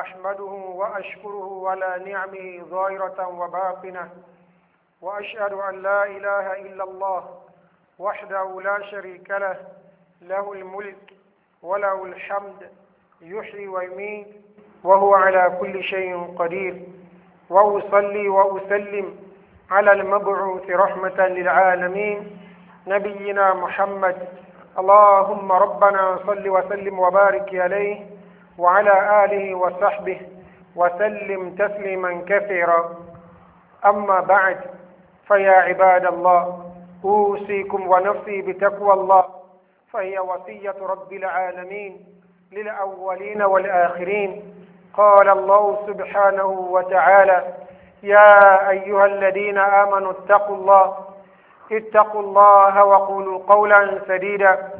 أحمده وأشكره على نعمه ظاهرة وباقنة وأشهد أن لا إله إلا الله وحده لا شريك له له الملك وله الحمد يحيي ويميت وهو على كل شيء قدير وأصلي وأسلم على المبعوث رحمة للعالمين نبينا محمد اللهم ربنا صل وسلم وبارك عليه وعلى آله وصحبه وسلم تسليما كثيرا أما بعد فيا عباد الله أوصيكم ونفسي بتقوى الله فهي وصية رب العالمين للأولين والآخرين قال الله سبحانه وتعالى يا أيها الذين آمنوا اتقوا الله اتقوا الله وقولوا قولا سديدا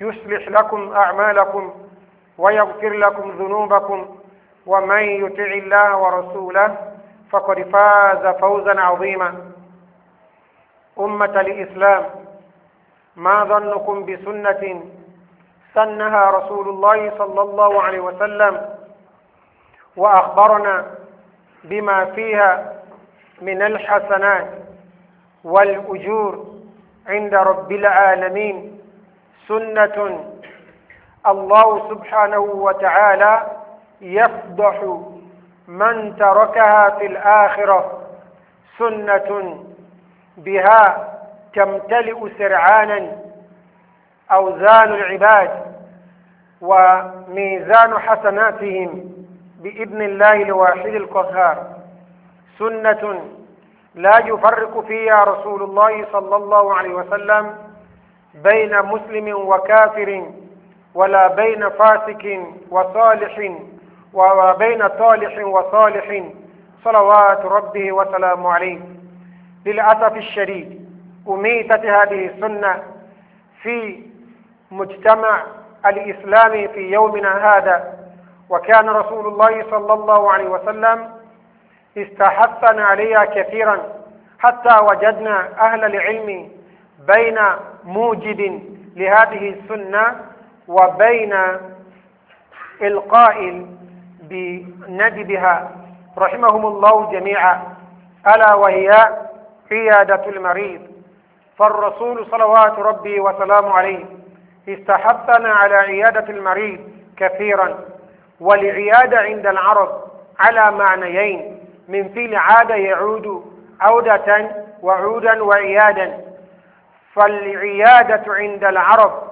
يصلح لكم أعمالكم ويغفر لكم ذنوبكم ومن يطع الله ورسوله فقد فاز فوزا عظيما أمة الإسلام ما ظنكم بسنة سنها رسول الله صلى الله عليه وسلم وأخبرنا بما فيها من الحسنات والأجور عند رب العالمين سنة الله سبحانه وتعالى يفضح من تركها في الآخرة سنة بها تمتلئ سرعانا أوزان العباد وميزان حسناتهم بإذن الله الواحد القهار سنة لا يفرق فيها رسول الله صلى الله عليه وسلم بين مسلم وكافر ولا بين فاسق وصالح بين طالح وصالح صلوات ربه وسلامه عليه للأسف الشديد أميتت هذه السنة في مجتمع الإسلام في يومنا هذا وكان رسول الله صلى الله عليه وسلم استحثنا عليها كثيرا حتى وجدنا أهل العلم بين موجد لهذه السنة وبين القائل بندبها رحمهم الله جميعا ألا وهي عيادة المريض فالرسول صلوات ربي وسلام عليه استحثنا على عيادة المريض كثيرا والعيادة عند العرب على معنيين من فيل عاد يعود عودة وعودا وعيادا فالعيادة عند العرب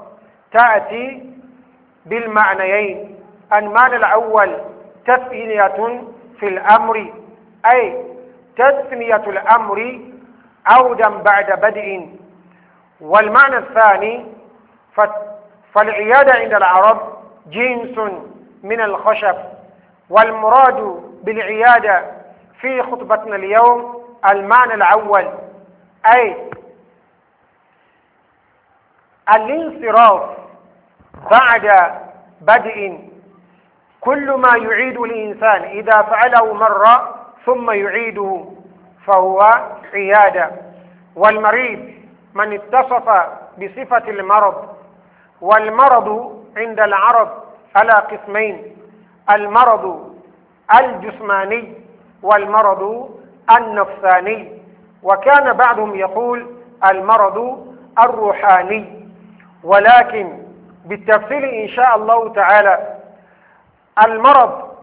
تأتي بالمعنيين المعنى الأول تثنية في الأمر أي تثنية الأمر عودا بعد بدء والمعنى الثاني فالعيادة عند العرب جنس من الخشب والمراد بالعيادة في خطبتنا اليوم المعنى الأول أي الانصراف بعد بدء كل ما يعيد الإنسان إذا فعله مرة ثم يعيده فهو عيادة والمريض من اتصف بصفة المرض والمرض عند العرب على قسمين المرض الجسماني والمرض النفساني وكان بعضهم يقول المرض الروحاني ولكن بالتفصيل إن شاء الله تعالى المرض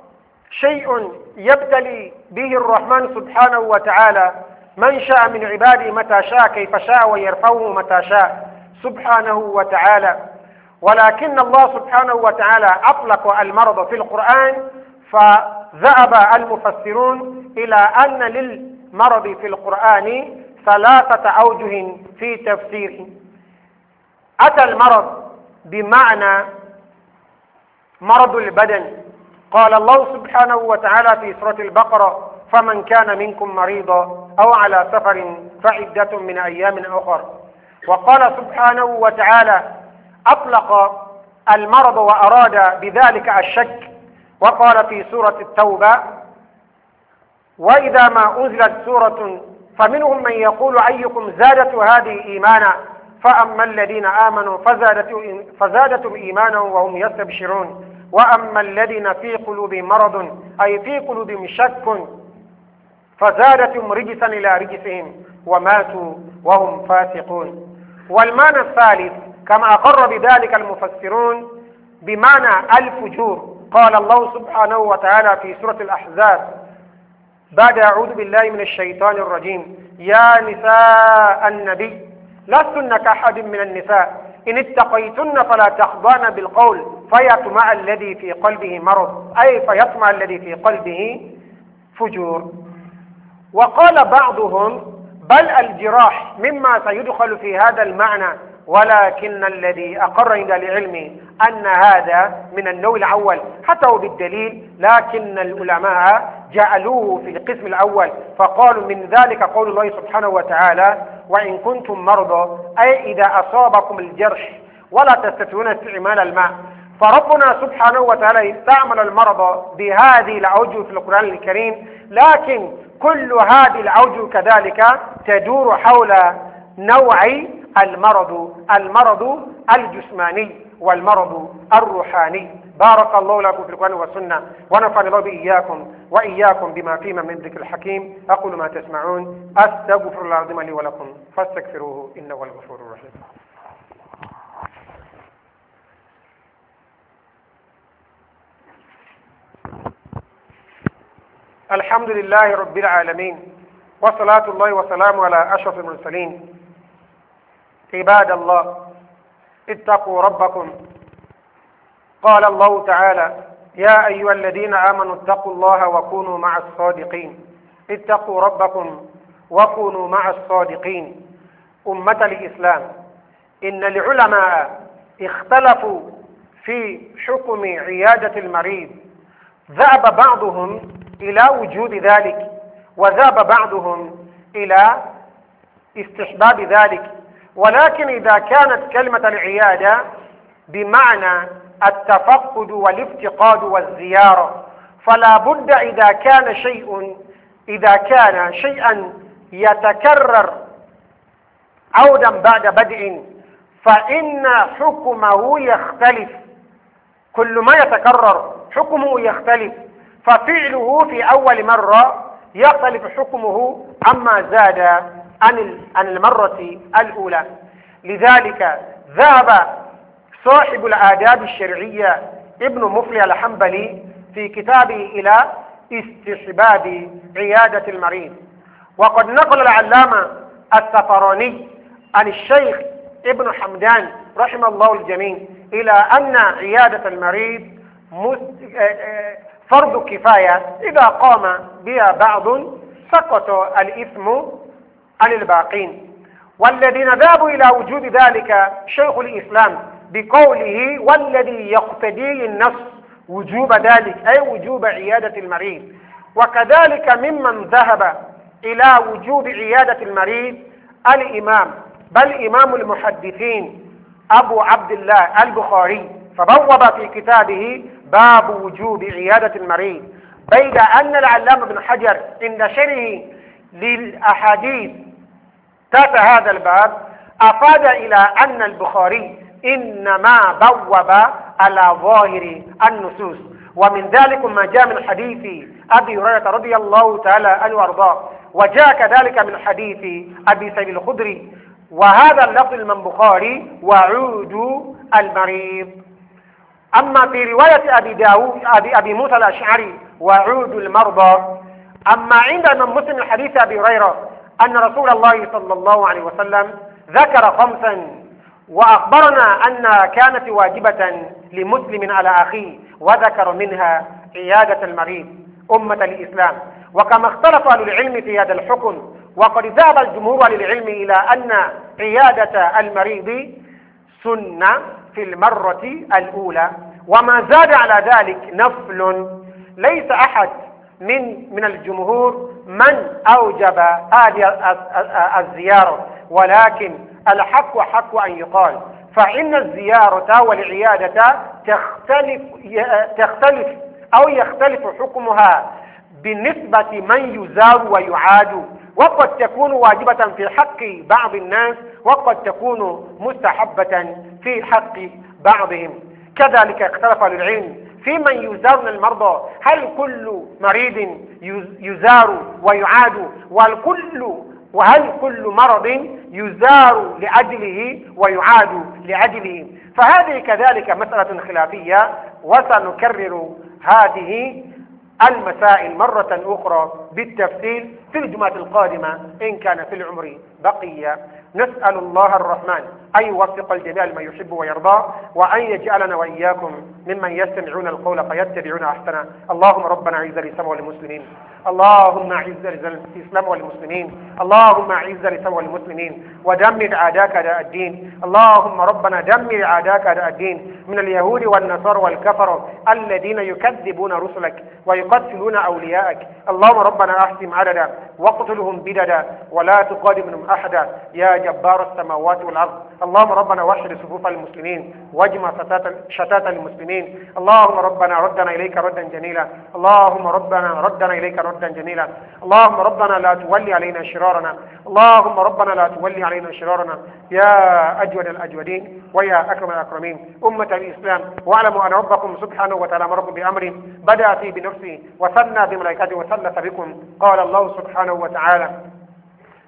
شيء يبتلي به الرحمن سبحانه وتعالى من شاء من عباده متى شاء كيف شاء ويرفعه متى شاء سبحانه وتعالى ولكن الله سبحانه وتعالى أطلق المرض في القرآن فذهب المفسرون إلى أن للمرض في القرآن ثلاثة أوجه في تفسيره أتى المرض بمعنى مرض البدن قال الله سبحانه وتعالى في سورة البقرة فمن كان منكم مريضا أو على سفر فعدة من أيام أخر وقال سبحانه وتعالى أطلق المرض وأراد بذلك الشك وقال في سورة التوبة وإذا ما أنزلت سورة فمنهم من يقول أيكم زادت هذه إيمانا فأما الذين آمنوا فزادتهم إيمانا وهم يستبشرون وأما الذين في قلوبهم مرض أي في قلوبهم شك فزادتهم رجسا إلى رجسهم وماتوا وهم فاسقون والمعنى الثالث كما أقر بذلك المفسرون بمعنى الفجور قال الله سبحانه وتعالى في سورة الأحزاب بعد أعوذ بالله من الشيطان الرجيم يا نساء النبي لستن كأحد من النساء إن اتقيتن فلا تخضعن بالقول فيطمع الذي في قلبه مرض أي فيطمع الذي في قلبه فجور وقال بعضهم بل الجراح مما سيدخل في هذا المعنى ولكن الذي أقر لعلمي العلم أن هذا من النوع الأول حتى بالدليل لكن العلماء جعلوه في القسم الأول فقالوا من ذلك قول الله سبحانه وتعالى وإن كنتم مرضى أي إذا أصابكم الجرح ولا تستطيعون استعمال الماء فربنا سبحانه وتعالى استعمل المرض بهذه الأوجه في القرآن الكريم لكن كل هذه الأوجه كذلك تدور حول نوع المرض المرض الجسماني والمرض الروحاني بارك الله لكم في القرآن والسنة ونفعني الله بإياكم وإياكم بما فيما من ذكر الحكيم أقول ما تسمعون أستغفر الله العظيم لي ولكم فاستغفروه إنه هو الغفور الرحيم الحمد لله رب العالمين وصلاة الله وسلامه على أشرف المرسلين عباد الله اتقوا ربكم قال الله تعالى يا أيها الذين آمنوا اتقوا الله وكونوا مع الصادقين اتقوا ربكم وكونوا مع الصادقين أمة الإسلام إن العلماء اختلفوا في حكم عيادة المريض ذهب بعضهم إلى وجود ذلك وذهب بعضهم إلى استحباب ذلك ولكن إذا كانت كلمة العيادة بمعنى التفقد والافتقاد والزيارة فلا بد إذا كان شيء إذا كان شيئا يتكرر عودا بعد بدء فإن حكمه يختلف كل ما يتكرر حكمه يختلف ففعله في أول مرة يختلف حكمه عما زاد عن عن المرة الأولى لذلك ذهب صاحب الآداب الشرعية ابن مفلح الحنبلي في كتابه إلى استحباب عيادة المريض وقد نقل العلامة السفراني عن الشيخ ابن حمدان رحم الله الجميع إلى أن عيادة المريض آه، آه، فرض كفاية إذا قام بها بعض سقط الإثم عن الباقين والذين ذهبوا إلى وجود ذلك شيخ الإسلام بقوله والذي يقتدي النص وجوب ذلك أي وجوب عيادة المريض وكذلك ممن ذهب إلى وجوب عيادة المريض الإمام بل إمام المحدثين أبو عبد الله البخاري فبوب في كتابه باب وجوب عيادة المريض بيد أن العلامة بن حجر عند شره للأحاديث تحت هذا الباب أفاد إلى أن البخاري إنما بوب على ظاهر النصوص ومن ذلك ما جاء من حديث أبي هريرة رضي الله تعالى عنه وأرضاه وجاء كذلك من حديث أبي سعيد الخدري وهذا اللفظ من بخاري وعود المريض أما في رواية أبي داود أبي, أبي موسى الأشعري وعود المرضى أما عند من مسلم حديث أبي هريرة أن رسول الله صلى الله عليه وسلم ذكر خمسا وأخبرنا أنها كانت واجبة لمسلم على أخيه وذكر منها عيادة المريض أمة الإسلام وكما اختلف أهل العلم في هذا الحكم وقد ذهب الجمهور أهل العلم إلى أن عيادة المريض سنة في المرة الأولى وما زاد على ذلك نفل ليس أحد من من الجمهور من أوجب هذه الزيارة ولكن الحق حق أن يقال فإن الزيارة والعيادة تختلف تختلف أو يختلف حكمها بالنسبة من يزار ويعاد وقد تكون واجبة في حق بعض الناس وقد تكون مستحبة في حق بعضهم كذلك اختلف العلم في من يزار من المرضى هل كل مريض يزار ويعاد والكل وهل كل مرض يزار لأجله ويعاد لأجله فهذه كذلك مسألة خلافية وسنكرر هذه المسائل مرة أخرى بالتفصيل في الجمعة القادمة إن كان في العمر بقية نسأل الله الرحمن أن يوفق الجميع لما يحب ويرضى وأن يجعلنا وإياكم ممن يستمعون القول فيتبعون أحسنه اللهم ربنا أعز الإسلام والمسلمين اللهم أعز الإسلام والمسلمين اللهم أعز الإسلام والمسلمين ودمر أعداءك أعداء الدين اللهم ربنا دمر أعداءك أعداء الدين من اليهود والنصارى والكفر الذين يكذبون رسلك ويقتلون أوليائك اللهم ربنا أحسم عددا واقتلهم بددا ولا تقادم منهم أحدا يا جبار السماوات والأرض اللهم ربنا وحد صفوف المسلمين واجمع شتات المسلمين اللهم ربنا ردنا إليك ردا جميلا اللهم ربنا ردنا إليك ردا جميلا اللهم ربنا لا تولي علينا شرارنا اللهم ربنا لا تولي علينا شرارنا يا أجود الأجودين ويا أكرم الأكرمين أمة الإسلام واعلموا أن ربكم سبحانه وتعالى أمركم بأمر بدأ فيه بنفسه وثنى بملائكته وثلث بكم قال الله سبحانه وتعالى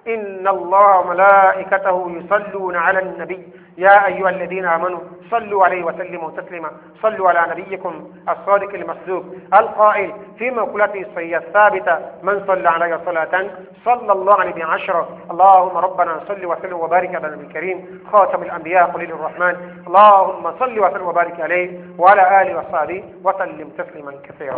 إن الله وملائكته يصلون على النبي يا أيها الذين آمنوا صلوا عليه وسلموا تسليما صلوا على نبيكم الصادق المصدوق القائل في مقولته الصحيحة الثابتة من صلى علي صلاة صلى الله عليه بعشرة اللهم ربنا صل وسلم وبارك على النبي الكريم خاتم الأنبياء قليل الرحمن اللهم صل وسلم وبارك عليه وعلى آله وصحبه وسلم تسليما كثيرا